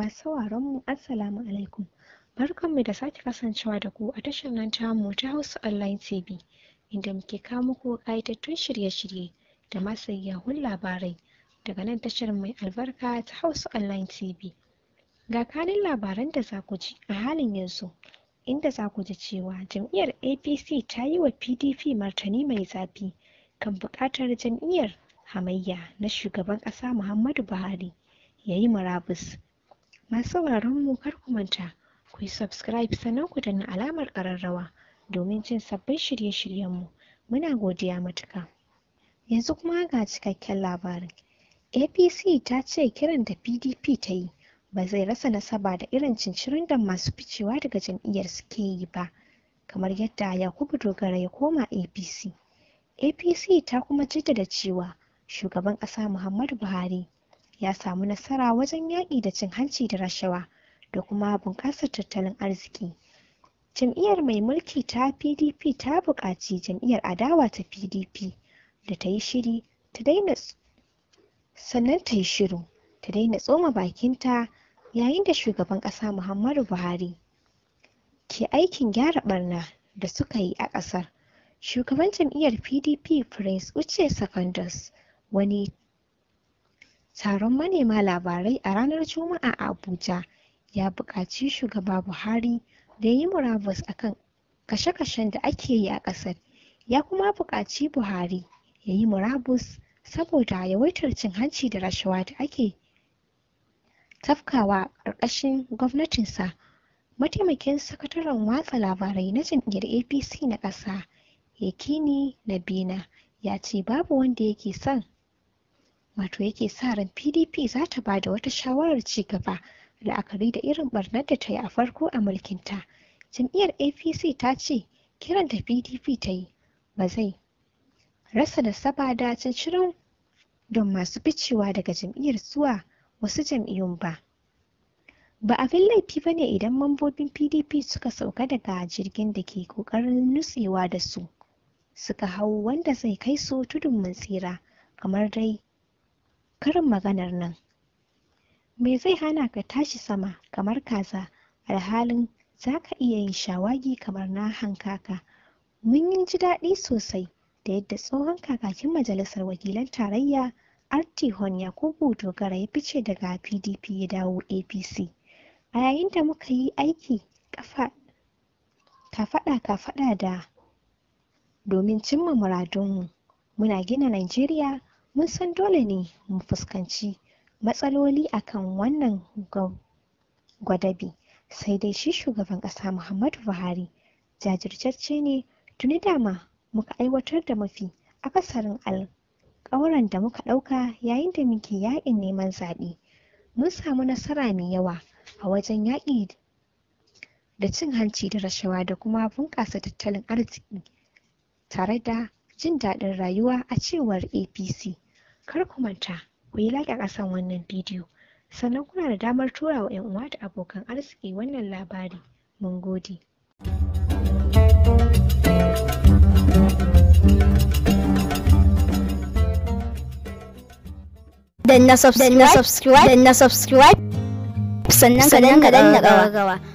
Masu sauraron mu Assalamu alaikum. mu da sake kasancewa da ku a tashar nan ta mu ta Hausa Online TV inda muke kawo muku ƙayatattun shirye-shirye da masu labarai daga nan tashar mai albarka ta Hausa Online TV. Ga kanin labaran da za ku ji a halin yanzu inda za ku ji cewa jam'iyyar APC ta yi wa PDP martani mai zafi kan buƙatar jam'iyyar hamayya na shugaban ƙasa Muhammadu Buhari ya yi murabus. masu sauraron mu kar ku manta ku yi subscribe sannan ku danna alamar ƙararrawa domin jin sabbin shirye-shiryen mu muna godiya matuka yanzu kuma ga cikakken labarin apc ta ce kiran da pdp ta yi ba zai rasa nasaba da irin cincirin da masu ficewa daga jam'iyyar suke yi ba kamar yadda yakubu dogara ya koma apc apc ta kuma jaddada cewa shugaban ƙasa muhammadu buhari ya samu nasara wajen yaƙi da cin hanci da rashawa da kuma bunƙasar tattalin arziki. Jam'iyyar mai mulki ta PDP ta buƙaci jam'iyyar adawa ta PDP da ta yi shiri ta daina sannan ta yi shiru ta daina tsoma bakinta yayin da shugaban ƙasa Muhammadu Buhari ke aikin gyara barna da suka yi a ƙasar. Shugaban jam'iyyar PDP Prince Uche Secondus wani taron manema labarai a ranar Juma'a a Abuja ya buƙaci Shugaba Buhari da ya yi murabus a kan kashe-kashen da ake yi a ƙasar, ya kuma buƙaci Buhari ya yi murabus saboda yawaitar cin hanci da rashawa da ake tafkawa ƙarƙashin gwamnatinsa. Mataimakin sakataren watsa labarai na jam'iyyar APC na ƙasa, na Nabina, ya ce babu wanda yake son wato yake sa ran pdp za ta ba da wata shawarar ci gaba la'akari da irin barnar da ta yi a farko a mulkinta jam'iyyar apc ta ce kiran da pdp ta yi ba zai rasa da saba da cincirin don masu ficewa daga jam'iyyar zuwa wasu jam'iyyun ba ba abin laifi ba ne idan mambobin pdp suka sauka daga jirgin da ke kokarin nutsewa da su suka hau wanda zai kai su tudun mun tsira kamar dai karin maganar nan me zai hana ka tashi sama kamar kaza alhalin za ka iya yin shawagi kamar na hankaka mun yi ji daɗi sosai da yadda tsohon kakakin majalisar wakilan tarayya arti hon yakubu dogara ya fice daga pdp ya dawo apc a yayin da muka yi aiki ka kafaɗa da domin cimma muradunmu muna gina najeriya mun san dole ne mu fuskanci matsaloli akan wannan gwadabi sai dai shi shugaban ƙasa Muhammadu Buhari jajirtacce ne tuni dama muka aiwatar da mafi akasarin alƙawuran da muka ɗauka yayin da muke yaƙin neman zaɓe mun samu nasara mai yawa a wajen yaƙi da cin hanci da rashawa da kuma bunƙasa tattalin arziki tare da jin daɗin rayuwa a cewar APC. kar ku manta ku yi like a ƙasan wannan bidiyo sannan kuna da damar tura wa 'yan uwa da abokan arziki wannan labari mun gode Dan na subscribe, then na subscribe, sannan ka danna gawa gawa.